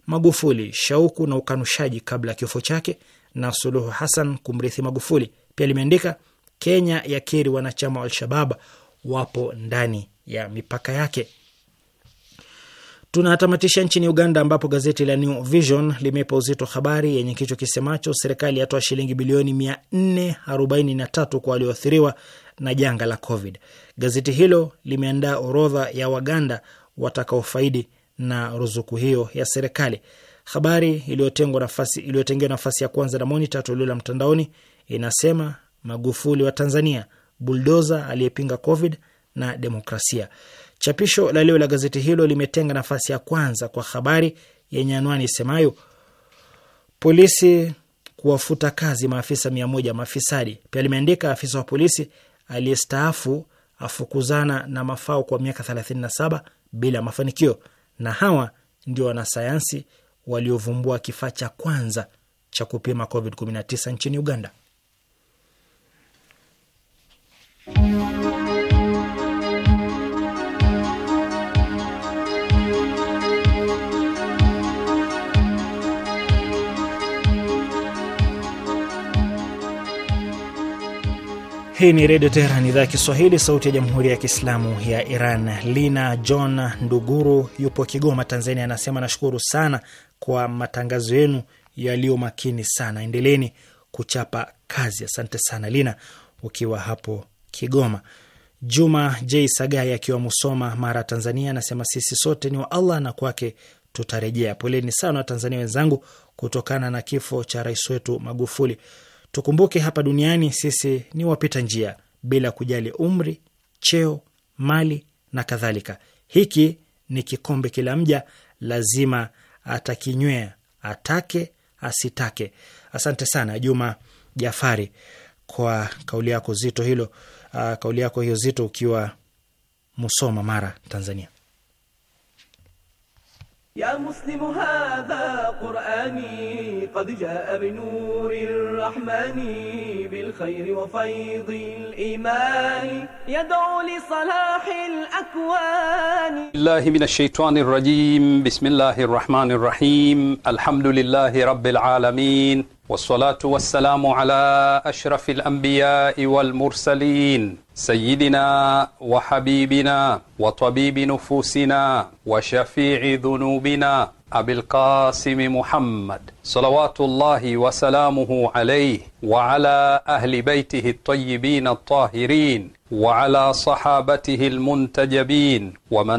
Magufuli shauku na ukanushaji kabla ya kifo chake, na Suluhu Hassan kumrithi Magufuli. Pia limeandika Kenya yakiri wanachama wa Alshabab wapo ndani ya mipaka yake. Tunatamatisha nchini Uganda, ambapo gazeti la New Vision limepa uzito habari yenye kichwa kisemacho serikali yatoa shilingi bilioni 443 kwa walioathiriwa na janga la Covid. Gazeti hilo limeandaa orodha ya Waganda watakaofaidi na ruzuku hiyo ya serikali. Habari iliyotengewa nafasi ya kwanza na Monita toleo la mtandaoni inasema Magufuli wa Tanzania, buldoza aliyepinga Covid na demokrasia. Chapisho la leo la gazeti hilo limetenga nafasi ya kwanza kwa habari yenye anwani isemayo polisi kuwafuta kazi maafisa mia moja mafisadi. Pia limeandika afisa wa polisi aliyestaafu afukuzana na mafao kwa miaka 37 bila mafanikio, na hawa ndio wanasayansi waliovumbua kifaa cha kwanza cha kupima Covid-19 nchini Uganda. Hii ni Redio Teheran, idhaa ya Kiswahili, sauti ya Jamhuri ya Kiislamu ya Iran. Lina John Nduguru yupo Kigoma, Tanzania, anasema nashukuru sana kwa matangazo yenu yaliyo makini sana, endeleeni kuchapa kazi. Asante sana Lina, ukiwa hapo Kigoma. Juma J Sagai akiwa Musoma, Mara, Tanzania, anasema sisi sote ni wa Allah na kwake tutarejea. Poleni sana Watanzania wenzangu kutokana na kifo cha rais wetu Magufuli. Tukumbuke hapa duniani sisi ni wapita njia, bila kujali umri, cheo, mali na kadhalika. Hiki ni kikombe, kila mja lazima atakinywea, atake asitake. Asante sana Juma Jafari kwa kauli yako zito hilo uh, kauli yako hiyo zito ukiwa Musoma, Mara, Tanzania. Ya muslimu hadha qurani qad jaa binuri rrahmani bilkhairi wa faydi limani yad'u lisalahi lakwani billahi minash shaitani rrajim bismillahi rrahmani rrahim alhamdulillahi rabbil alamin والصلاة والسلام على أشرف الأنبياء والمرسلين سيدنا وحبيبنا وطبيب نفوسنا وشفيع ذنوبنا أبي القاسم محمد salawatullahi wasalamuhu alayhi wa ala ahli baitihi at-tayyibin at-tahirin wa ala sahabatihi al-muntajabin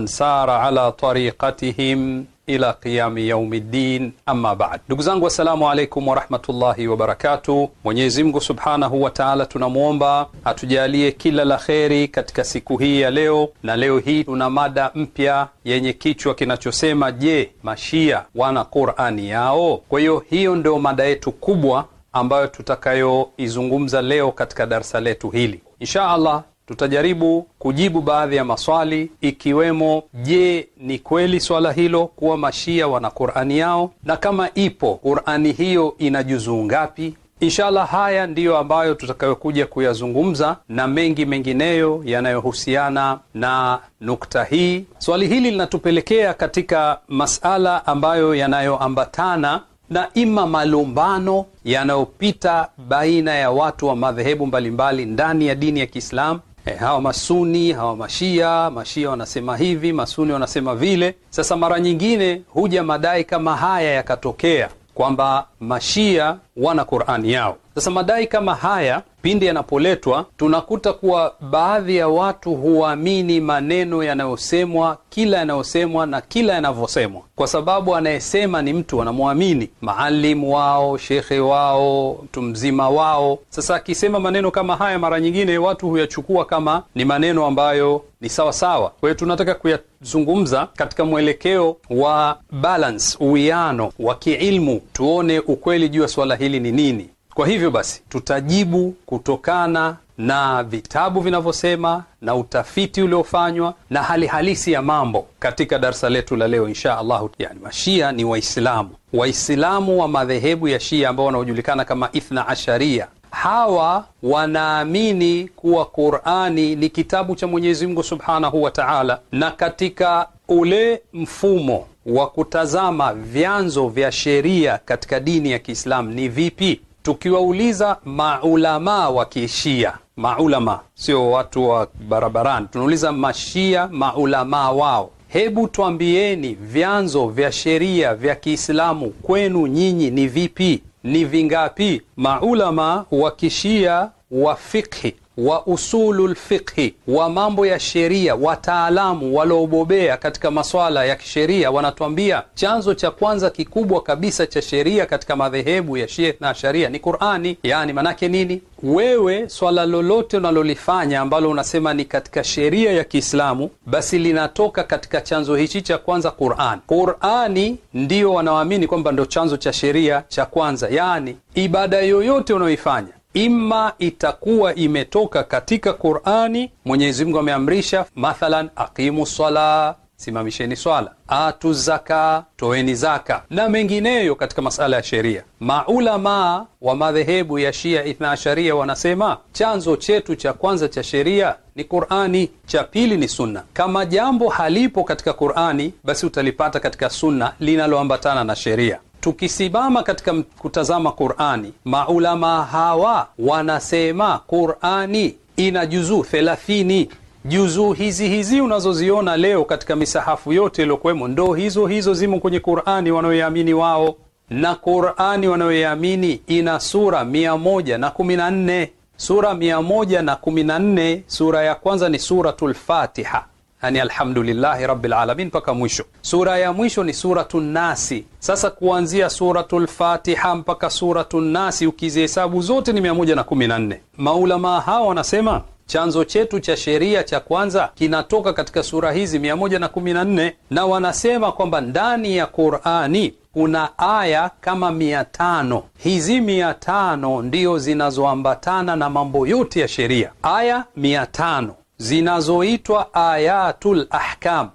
sara ala tariqatihim ila qiyami yaumiddin, amma baad. Ndugu zangu, assalamu alaikum warahmatullahi wabarakatuh. Mwenyezi Mungu subhanahu wa taala tunamwomba atujalie kila la kheri katika siku hii ya leo. Na leo hii tuna mada mpya yenye kichwa kinachosema, je, mashia wana Qurani yao? Kwa hiyo hiyo hiyo ndio mada yetu kubwa ambayo tutakayoizungumza leo katika darsa letu hili insha allah. Tutajaribu kujibu baadhi ya maswali ikiwemo, je, ni kweli swala hilo kuwa mashia wana Qur'ani yao? Na kama ipo Qur'ani hiyo ina juzuu ngapi? inshaallah haya ndiyo ambayo tutakayokuja kuyazungumza na mengi mengineyo yanayohusiana na nukta hii. Swali hili linatupelekea katika masala ambayo yanayoambatana na ima malumbano yanayopita baina ya watu wa madhehebu mbalimbali ndani ya dini ya Kiislamu. E, hawa masuni hawa mashia mashia wanasema hivi, masuni wanasema vile. Sasa mara nyingine huja madai kama haya yakatokea kwamba mashia wana Qur'ani yao sasa madai kama haya pindi yanapoletwa, tunakuta kuwa baadhi ya watu huamini maneno yanayosemwa, kila yanayosemwa na kila yanavyosemwa, kwa sababu anayesema ni mtu anamwamini, maalimu wao, shekhe wao, mtu mzima wao. Sasa akisema maneno kama haya, mara nyingine watu huyachukua kama ni maneno ambayo ni sawa sawa. Kwa hiyo tunataka kuyazungumza katika mwelekeo wa balance, uwiano wa kiilmu, tuone ukweli juu ya swala hili ni nini. Kwa hivyo basi, tutajibu kutokana na vitabu vinavyosema na utafiti uliofanywa na hali halisi ya mambo katika darsa letu la leo insha Allahu. Yani, mashia ni Waislamu, Waislamu wa madhehebu ya Shia ambao wanaojulikana kama Ithna Asharia. Hawa wanaamini kuwa Qurani ni kitabu cha Mwenyezi Mungu subhanahu wa taala, na katika ule mfumo wa kutazama vyanzo vya sheria katika dini ya Kiislamu ni vipi tukiwauliza maulamaa wa Kishia, maulama sio watu wa barabarani, tunauliza mashia maulamaa wao, hebu twambieni vyanzo vya sheria vya Kiislamu kwenu nyinyi ni vipi? Ni vingapi maulama wa Kishia wa fikhi wa usulu lfiqhi, wa mambo ya sheria, wataalamu waliobobea katika maswala ya kisheria wanatuambia chanzo cha kwanza kikubwa kabisa cha sheria katika madhehebu ya Shia na sharia ni Qurani. Yani manake nini? Wewe swala lolote unalolifanya ambalo unasema ni katika sheria ya Kiislamu, basi linatoka katika chanzo hichi cha kwanza, Quran. Qurani ndiyo wanaoamini kwamba ndo chanzo cha sheria cha kwanza, yani ibada yoyote unaoifanya Ima itakuwa imetoka katika Qur'ani, Mwenyezi Mungu ameamrisha mathalan, aqimu sala, simamisheni swala, atu zaka, toeni zaka na mengineyo katika masala ya sheria. Maulamaa wa madhehebu ya Shia Ithna Asharia wanasema chanzo chetu cha kwanza cha sheria ni Qur'ani, cha pili ni Sunna. Kama jambo halipo katika Qur'ani, basi utalipata katika Sunna linaloambatana na sheria. Tukisimama katika kutazama Qurani, maulama hawa wanasema Qurani ina juzuu thelathini. Juzuu hizi hizi unazoziona leo katika misahafu yote iliyokuwemo ndo hizo hizo zimo kwenye Qurani wanayoiamini wao, na Qurani wanayoiamini ina sura mia moja na kumi na nne sura mia moja na kumi na nne Sura ya kwanza ni Suratul Fatiha yani alhamdulillahi rabbil alamin mpaka mwisho. Sura ya mwisho ni suratu Nasi. Sasa kuanzia suratu lfatiha mpaka suratu Nasi, ukizihesabu zote ni 114. Maulamaa hawa wanasema chanzo chetu cha sheria cha kwanza kinatoka katika sura hizi 114, na wanasema kwamba ndani ya Qur'ani kuna aya kama mia tano. Hizi mia tano ndiyo zinazoambatana na mambo yote ya sheria, aya mia tano zinazoitwa ayatul ahkam.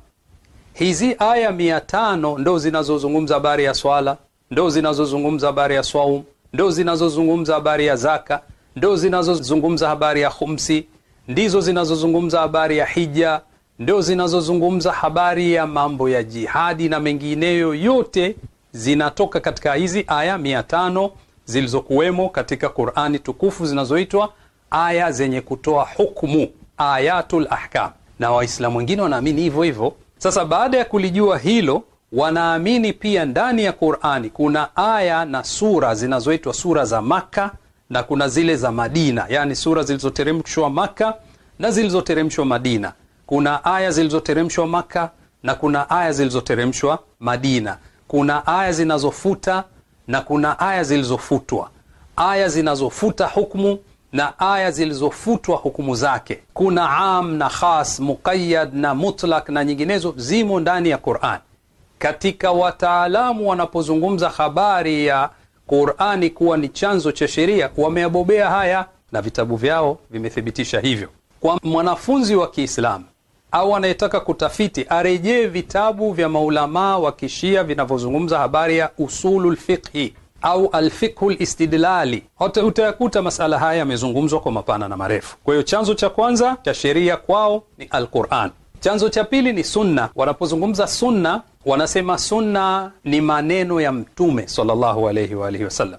Hizi aya mia tano ndo zinazozungumza habari ya swala, ndo zinazozungumza habari ya swaum, ndo zinazozungumza habari ya zaka, ndo zinazozungumza habari ya khumsi, ndizo zinazozungumza habari ya hija, ndo zinazozungumza habari ya mambo ya jihadi na mengineyo yote zinatoka katika hizi aya mia tano zilizokuwemo katika Qur'ani tukufu zinazoitwa aya zenye kutoa hukumu ayatul ahkam, na Waislamu wengine wanaamini hivyo hivyo. Sasa baada ya kulijua hilo, wanaamini pia ndani ya Qur'ani kuna aya na sura zinazoitwa sura za Maka na kuna zile za Madina, yani sura zilizoteremshwa Maka na zilizoteremshwa Madina. Kuna aya zilizoteremshwa Maka na kuna aya zilizoteremshwa Madina. Kuna aya zinazofuta na kuna aya zilizofutwa, aya zinazofuta hukumu na aya zilizofutwa hukumu zake. Kuna am na khas, muqayyad na mutlak na nyinginezo, zimo ndani ya Qur'an. Katika wataalamu wanapozungumza habari ya Qur'ani kuwa ni chanzo cha sheria, wameabobea haya na vitabu vyao vimethibitisha hivyo. Kwa mwanafunzi wa Kiislamu au anayetaka kutafiti arejee vitabu vya maulamaa wa Kishia vinavyozungumza habari ya usulul fiqhi au alfikhu listidlali utayakuta masala haya yamezungumzwa kwa mapana na marefu. Kwa hiyo chanzo cha kwanza cha sheria kwao ni Alquran. Chanzo cha pili ni sunna. Wanapozungumza sunna, wanasema sunna ni maneno ya Mtume sallallahu alayhi wa alihi wasallam.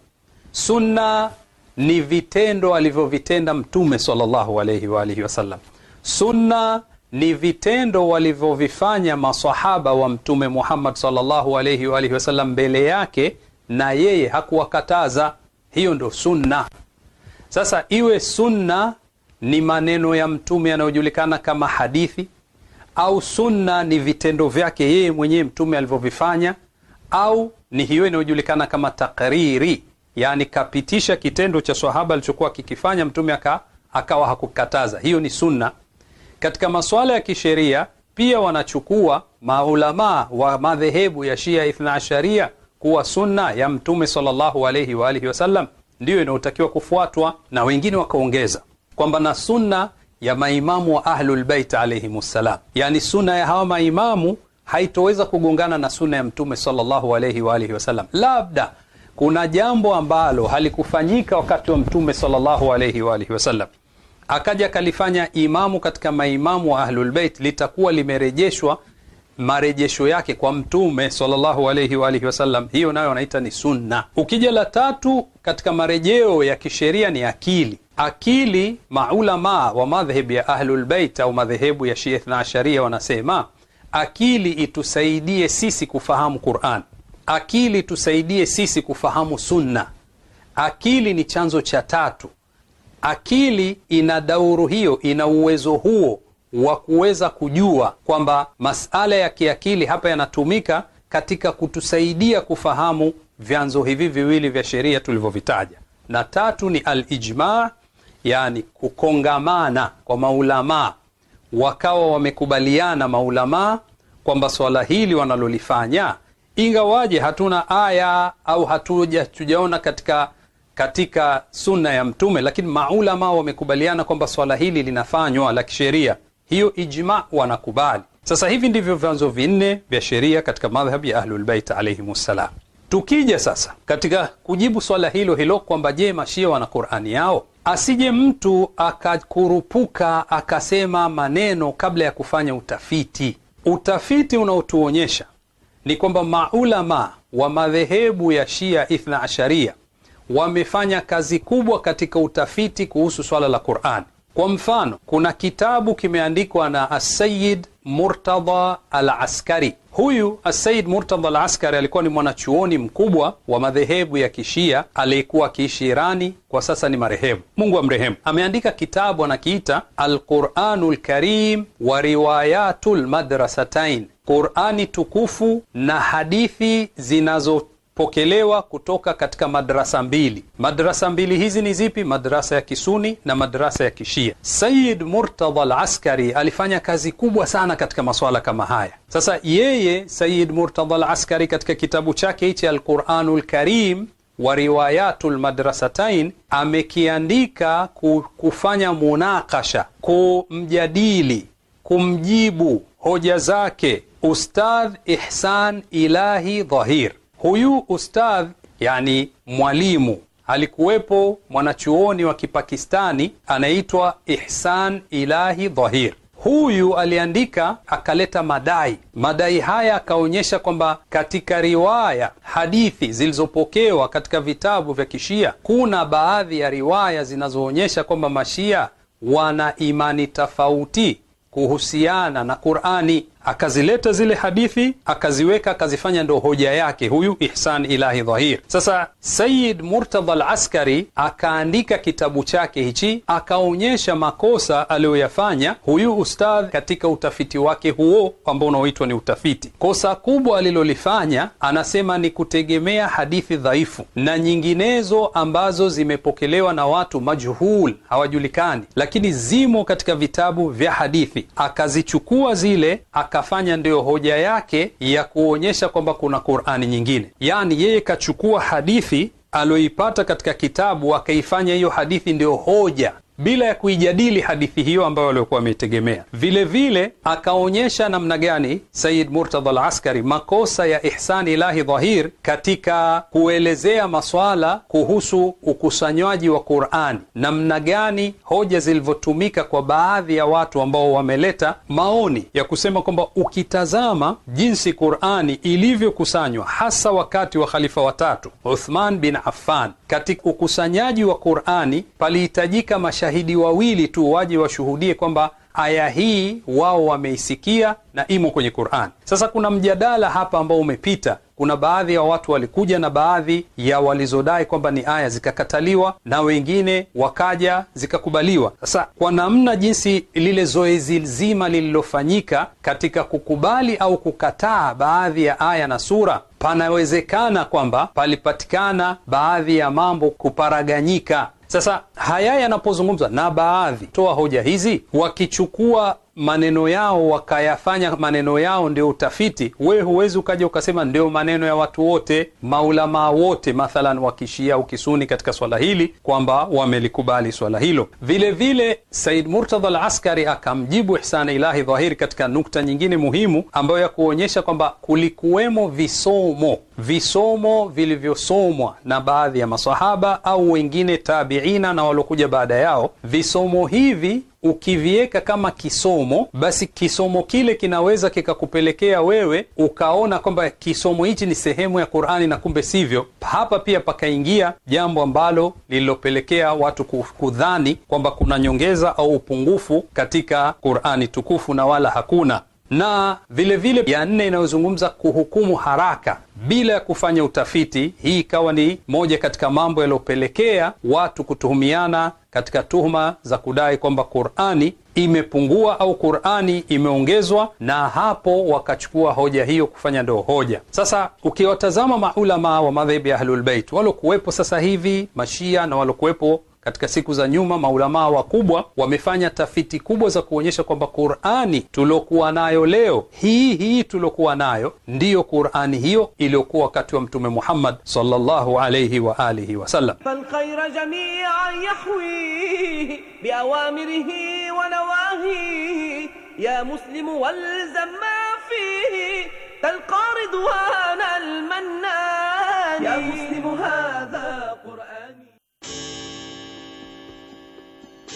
Sunna ni vitendo alivyovitenda Mtume sallallahu alayhi wa alihi wasallam. Sunna ni vitendo walivyovifanya masahaba wa Mtume Muhammad sallallahu alayhi wa alihi wasallam mbele yake na yeye hakuwakataza. Hiyo ndo sunna. Sasa iwe sunna ni maneno ya mtume yanayojulikana kama hadithi, au sunna ni vitendo vyake yeye mwenyewe mtume alivyovifanya, au ni hiyo inayojulikana kama takriri, yani kapitisha kitendo cha swahaba alichokuwa kikifanya mtume aka, akawa hakukataza. Hiyo ni sunna. Katika masuala ya kisheria pia wanachukua maulamaa wa madhehebu ya Shia Ithna Asharia kuwa sunna ya Mtume sallallahu alayhi wa alihi wasallam ndiyo inayotakiwa kufuatwa, na wengine wakaongeza kwamba na sunna ya maimamu wa Ahlulbeit alayhimussalam, yani sunna ya hawa maimamu haitoweza kugongana na sunna ya Mtume sallallahu alayhi wa alihi wasallam. Labda kuna jambo ambalo halikufanyika wakati wa Mtume sallallahu alayhi wa alihi wasallam akaja akalifanya imamu katika maimamu wa Ahlulbeit, litakuwa limerejeshwa marejesho yake kwa Mtume sallallahu alayhi wa alihi wasallam, hiyo nayo wanaita ni sunna. Ukija la tatu katika marejeo ya kisheria ni akili. Akili, maulama wa madhhebu ya Ahlulbeit au madhehebu ya Shia Ithna wanasema akili itusaidie sisi kufahamu Quran, akili itusaidie sisi kufahamu sunna. Akili ni chanzo cha tatu. Akili ina dauru hiyo, ina uwezo huo wa kuweza kujua kwamba masala ya kiakili hapa yanatumika katika kutusaidia kufahamu vyanzo hivi viwili vya sheria tulivyovitaja, na tatu ni alijma, yani kukongamana kwa maulamaa, wakawa wamekubaliana maulamaa kwamba swala hili wanalolifanya, ingawaje hatuna aya au tujaona katika katika sunna ya Mtume, lakini maulamaa wamekubaliana kwamba swala hili linafanywa la kisheria hiyo ijma wanakubali. Sasa hivi ndivyo vyanzo vinne vya sheria katika madhhabi ya Ahlulbeit alaihim ssalam. Tukija sasa katika kujibu swala hilo hilo kwamba je, mashia wana Qurani yao, asije mtu akakurupuka akasema maneno kabla ya kufanya utafiti. Utafiti unaotuonyesha ni kwamba maulama wa madhehebu ya Shia Ithna Asharia wamefanya kazi kubwa katika utafiti kuhusu swala la Qurani. Kwa mfano, kuna kitabu kimeandikwa na Asayid Murtadha al Askari. Huyu Asayid Murtadha al Askari alikuwa ni mwanachuoni mkubwa wa madhehebu ya Kishia aliyekuwa akiishi Irani, kwa sasa ni marehemu, Mungu amrehemu. Ameandika kitabu anakiita Alquranu lkarim wa riwayatu lmadrasatain, Qurani tukufu na hadithi zinazo pokelewa kutoka katika madrasa mbili. Madrasa mbili hizi ni zipi? Madrasa ya Kisuni na madrasa ya Kishia. sayid Murtadha al-Askari alifanya kazi kubwa sana katika maswala kama haya. Sasa yeye sayid Murtadha al-Askari katika kitabu chake hichi al lkarim Karim wa riwayatu lmadrasatain amekiandika kufanya munakasha, kumjadili, kumjibu hoja zake Ustadh Ihsan Ilahi Dhahir. Huyu ustadh, yani mwalimu, alikuwepo mwanachuoni wa Kipakistani anaitwa Ihsan Ilahi Dhahir. Huyu aliandika akaleta madai. Madai haya akaonyesha kwamba katika riwaya, hadithi zilizopokewa katika vitabu vya Kishia, kuna baadhi ya riwaya zinazoonyesha kwamba Mashia wana imani tofauti kuhusiana na Qur'ani akazileta zile hadithi akaziweka akazifanya ndo hoja yake huyu Ihsan Ilahi Dhahir. Sasa Sayid Murtadha al-Askari akaandika kitabu chake hichi, akaonyesha makosa aliyoyafanya huyu ustadh katika utafiti wake huo ambao unaoitwa ni utafiti. Kosa kubwa alilolifanya anasema ni kutegemea hadithi dhaifu na nyinginezo ambazo zimepokelewa na watu majhul, hawajulikani, lakini zimo katika vitabu vya hadithi, akazichukua zile aka akafanya ndiyo hoja yake ya kuonyesha kwamba kuna Qur'ani nyingine, yaani yeye kachukua hadithi alioipata katika kitabu akaifanya hiyo hadithi ndiyo hoja bila ya kuijadili hadithi hiyo ambayo waliokuwa wameitegemea. Vile vile akaonyesha namna gani Sayid Murtadha al-Askari makosa ya Ihsan Ilahi Dhahir katika kuelezea maswala kuhusu ukusanywaji wa Qur'ani, namna gani hoja zilivyotumika kwa baadhi ya watu ambao wameleta maoni ya kusema kwamba ukitazama jinsi Qur'ani ilivyokusanywa hasa wakati wa khalifa watatu Uthman bin Affan, katika ukusanyaji wa Qur'ani palihitajika mashahidi wawili tu waje washuhudie kwamba aya hii wao wameisikia na imo kwenye Qur'an. Sasa kuna mjadala hapa ambao umepita. Kuna baadhi ya watu walikuja na baadhi ya walizodai kwamba ni aya zikakataliwa, na wengine wakaja zikakubaliwa. Sasa kwa namna jinsi lile zoezi zima lililofanyika katika kukubali au kukataa baadhi ya aya na sura, panawezekana kwamba palipatikana baadhi ya mambo kuparaganyika sasa haya yanapozungumzwa na baadhi toa hoja hizi wakichukua maneno yao wakayafanya maneno yao ndio utafiti. Wewe huwezi ukaja ukasema ndio maneno ya watu wote maulamaa wote, mathalan wakishia ukisuni katika swala hili kwamba wamelikubali swala hilo. Vile vile Said Murtadha laskari akamjibu Ihsan Ilahi Dhahiri katika nukta nyingine muhimu ambayo ya kuonyesha kwamba kulikuwemo visomo visomo vilivyosomwa na baadhi ya masahaba au wengine tabiina na waliokuja baada yao. Visomo hivi ukiviweka kama kisomo, basi kisomo kile kinaweza kikakupelekea wewe ukaona kwamba kisomo hichi ni sehemu ya Qur'ani na kumbe sivyo. Hapa pia pakaingia jambo ambalo lililopelekea watu kudhani kwamba kuna nyongeza au upungufu katika Qur'ani tukufu na wala hakuna na vilevile vile ya nne inayozungumza kuhukumu haraka bila ya kufanya utafiti. Hii ikawa ni moja katika mambo yaliyopelekea watu kutuhumiana katika tuhuma za kudai kwamba Qur'ani imepungua au Qur'ani imeongezwa, na hapo wakachukua hoja hiyo kufanya ndio hoja. Sasa ukiwatazama maulama wa madhehebu ya Ahlulbeit walokuwepo sasa hivi Mashia na walokuwepo katika siku za nyuma maulamaa wakubwa wamefanya tafiti kubwa za kuonyesha kwamba Qurani tuliokuwa nayo leo hii hii tuliokuwa nayo ndiyo Qurani hiyo iliyokuwa wakati wa Mtume Muhammad sallallahu alayhi wa alihi wasallam.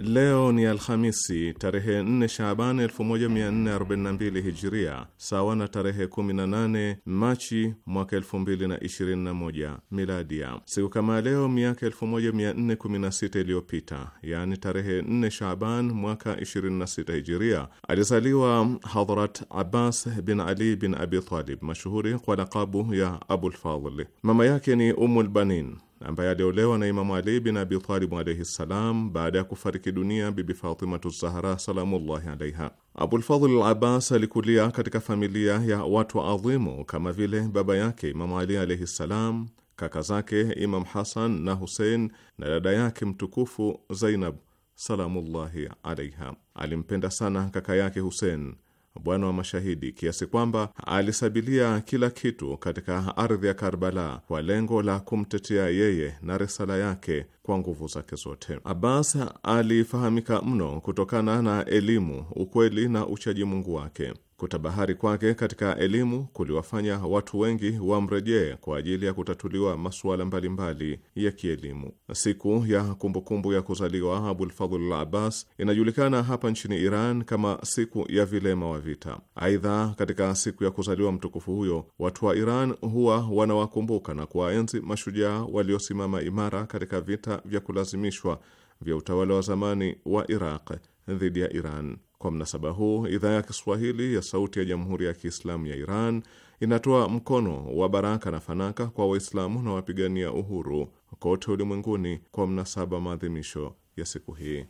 Leo ni Alhamisi tarehe 4 Shaaban 1442 Hijiria, sawa na tarehe 18 Machi mwaka 2021 Miladia. Siku kama leo miaka 1416 iliyopita, yaani tarehe 4 Shaaban mwaka 26 Hijiria, alizaliwa Hadhrat Abbas bin Ali bin Abi Talib, mashuhuri kwa lakabu ya Abulfadli. Mama yake ni Ummulbanin ambaye aliolewa na Imamu Ali bin Abi Talib alaihi ssalam baada ya kufariki dunia Bibi Fatimatu Zahra salamullahi alaiha. Abulfadhl al Abbas alikulia katika familia ya watu adhimu kama vile baba yake Imamu Ali alaihi ssalam, kaka zake Imam Hasan na Husein na dada yake mtukufu Zainab salamullahi alaiha. Alimpenda sana kaka yake Husein bwana wa mashahidi, kiasi kwamba alisabilia kila kitu katika ardhi ya Karbala kwa lengo la kumtetea yeye na risala yake kwa nguvu zake zote. Abbas alifahamika mno kutokana na elimu, ukweli na uchaji Mungu wake. Kutabahari kwake katika elimu kuliwafanya watu wengi wamrejee kwa ajili ya kutatuliwa masuala mbalimbali ya kielimu. Siku ya kumbukumbu kumbu ya kuzaliwa Abulfadhl Abbas inajulikana hapa nchini Iran kama siku ya vilema wa vita. Aidha, katika siku ya kuzaliwa mtukufu huyo, watu wa Iran huwa wanawakumbuka na kuwaenzi mashujaa waliosimama imara katika vita vya kulazimishwa vya utawala wa zamani wa Iraq dhidi ya Iran. Kwa mnasaba huu, idhaa ya Kiswahili ya Sauti ya Jamhuri ya Kiislamu ya Iran inatoa mkono wa baraka na fanaka kwa Waislamu na wapigania uhuru kote ulimwenguni kwa mnasaba maadhimisho ya siku hii.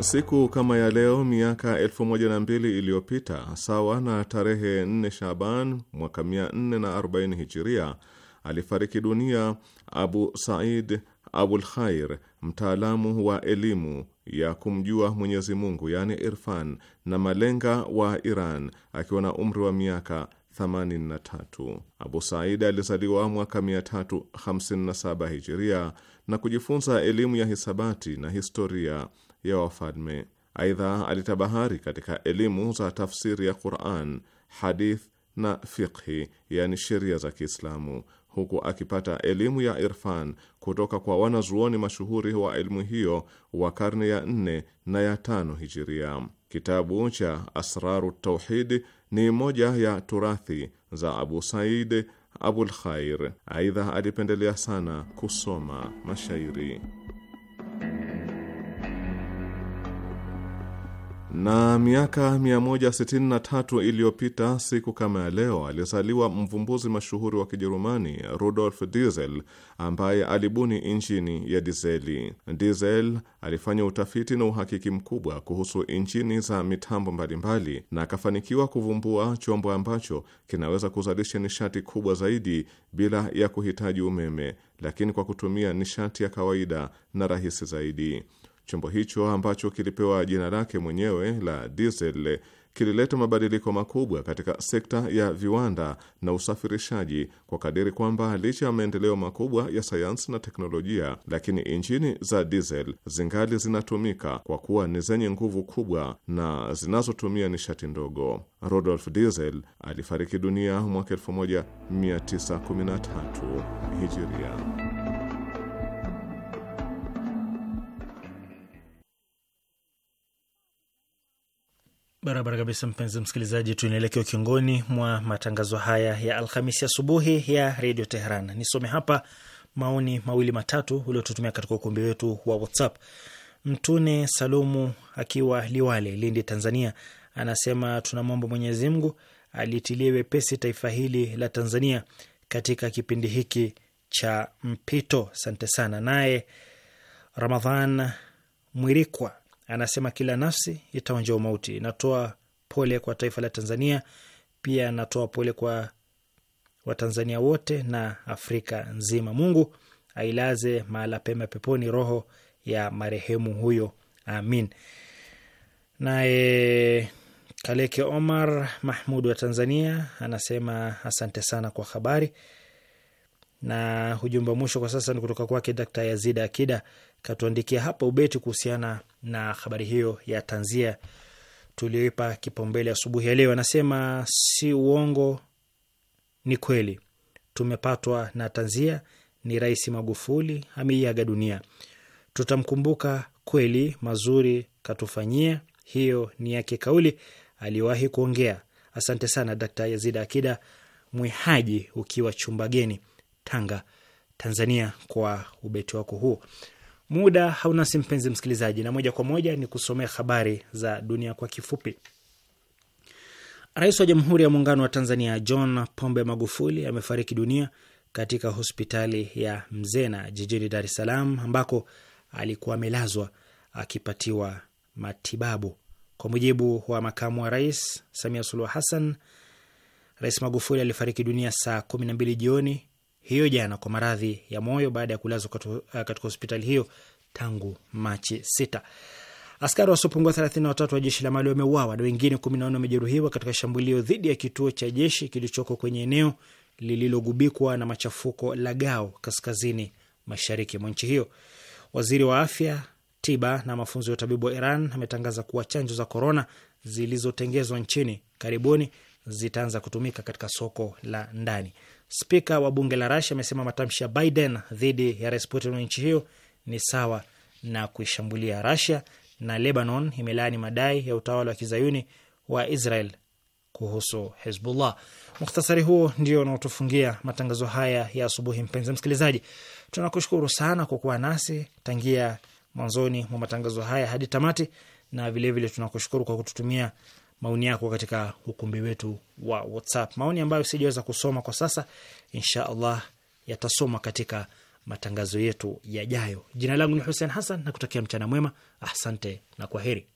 Siku kama ya leo miaka elfu moja na mbili iliyopita sawa na tarehe 4 Shaban mwaka 440 Hijiria, alifariki dunia Abu Said Abul Khair mtaalamu wa elimu ya kumjua Mwenyezi Mungu yani Irfan na malenga wa Iran akiwa na umri wa miaka 83. Abu Said alizaliwa mwaka 357 Hijiria na kujifunza elimu ya hisabati na historia ya wafalme. Aidha, alitabahari katika elimu za tafsiri ya Quran, hadith na fiqhi, yani sheria za Kiislamu huku akipata elimu ya irfan kutoka kwa wanazuoni mashuhuri wa elimu hiyo wa karne ya nne na ya tano hijiria. Kitabu cha Asraru Tauhid ni moja ya turathi za Abu Said Abul Khair. Aidha, alipendelea sana kusoma mashairi. Na miaka 163 iliyopita siku kama ya leo alizaliwa mvumbuzi mashuhuri wa Kijerumani Rudolf Diesel ambaye alibuni injini ya dizeli. Diesel alifanya utafiti na uhakiki mkubwa kuhusu injini za mitambo mbalimbali na akafanikiwa kuvumbua chombo ambacho kinaweza kuzalisha nishati kubwa zaidi bila ya kuhitaji umeme, lakini kwa kutumia nishati ya kawaida na rahisi zaidi. Chombo hicho ambacho kilipewa jina lake mwenyewe la diesel kilileta mabadiliko makubwa katika sekta ya viwanda na usafirishaji kwa kadiri kwamba licha ya maendeleo makubwa ya sayansi na teknolojia, lakini injini za diesel zingali zinatumika kwa kuwa ni zenye nguvu kubwa na zinazotumia nishati ndogo. Rudolf Diesel alifariki dunia mwaka 1913 Hijiria. Barabara kabisa, mpenzi msikilizaji, tunaelekea ukingoni mwa matangazo haya ya Alhamisi asubuhi ya, ya redio Teheran. Nisome hapa maoni mawili matatu uliotutumia katika ukumbi wetu wa WhatsApp. Mtune Salumu akiwa Liwale, Lindi, Tanzania, anasema tunamwomba Mwenyezi Mungu alitilie wepesi taifa hili la Tanzania katika kipindi hiki cha mpito. Sante sana. Naye Ramadhan Mwirikwa Anasema kila nafsi itaonja umauti. Natoa pole kwa taifa la Tanzania, pia natoa pole kwa Watanzania wote na Afrika nzima. Mungu ailaze mahala pema peponi roho ya marehemu huyo, amin. Naye Kaleke Omar Mahmud wa Tanzania anasema asante sana kwa habari na hujumba. Mwisho kwa sasa ni kutoka kwake Dakta yazid Akida katuandikia hapa ubeti kuhusiana na habari hiyo ya tanzia tulioipa kipaumbele asubuhi ya leo. Anasema si uongo, ni kweli, tumepatwa na tanzia, ni Rais Magufuli ameiaga dunia. Tutamkumbuka kweli, mazuri katufanyia. Hiyo ni yake kauli aliyowahi kuongea. Asante sana Dkt. Yazid Akida Mwihaji, ukiwa Chumbageni, Tanga, Tanzania, kwa ubeti wako huo. Muda haunasi mpenzi msikilizaji, na moja kwa moja ni kusomea habari za dunia kwa kifupi. Rais wa Jamhuri ya Muungano wa Tanzania John Pombe Magufuli amefariki dunia katika hospitali ya Mzena jijini Dar es Salaam ambako alikuwa amelazwa akipatiwa matibabu. Kwa mujibu wa makamu wa rais Samia Suluhu Hassan, Rais Magufuli alifariki dunia saa kumi na mbili jioni hiyo jana kwa maradhi ya moyo baada ya kulazwa eh, katika hospitali hiyo tangu Machi sita. Askari wasiopungua thelathini watatu wa jeshi la Mali wameuawa na wengine kumi na wanne wamejeruhiwa katika shambulio dhidi ya kituo cha jeshi kilichoko kwenye eneo lililogubikwa na machafuko la Gao, kaskazini mashariki mwa nchi hiyo. Waziri wa afya, tiba na mafunzo ya utabibu wa Iran ametangaza kuwa chanjo za korona zilizotengezwa nchini karibuni zitaanza kutumika katika soko la ndani. Spika wa bunge la Rasia amesema matamshi ya Biden dhidi ya rais Putin wa nchi hiyo ni sawa na kuishambulia Rasia. Na Lebanon imelaani madai ya utawala wa kizayuni wa Israel kuhusu Hezbullah. Mukhtasari huo ndio unaotufungia matangazo haya ya asubuhi. Mpenzi msikilizaji, tunakushukuru sana kwa kuwa nasi tangia mwanzoni mwa matangazo haya hadi tamati, na vilevile tunakushukuru kwa kututumia maoni yako katika ukumbi wetu wa WhatsApp, maoni ambayo sijaweza kusoma kwa sasa. Insha Allah yatasoma katika matangazo yetu yajayo. Jina langu ni Hussein Hassan na kutakia mchana mwema. Asante na kwa heri.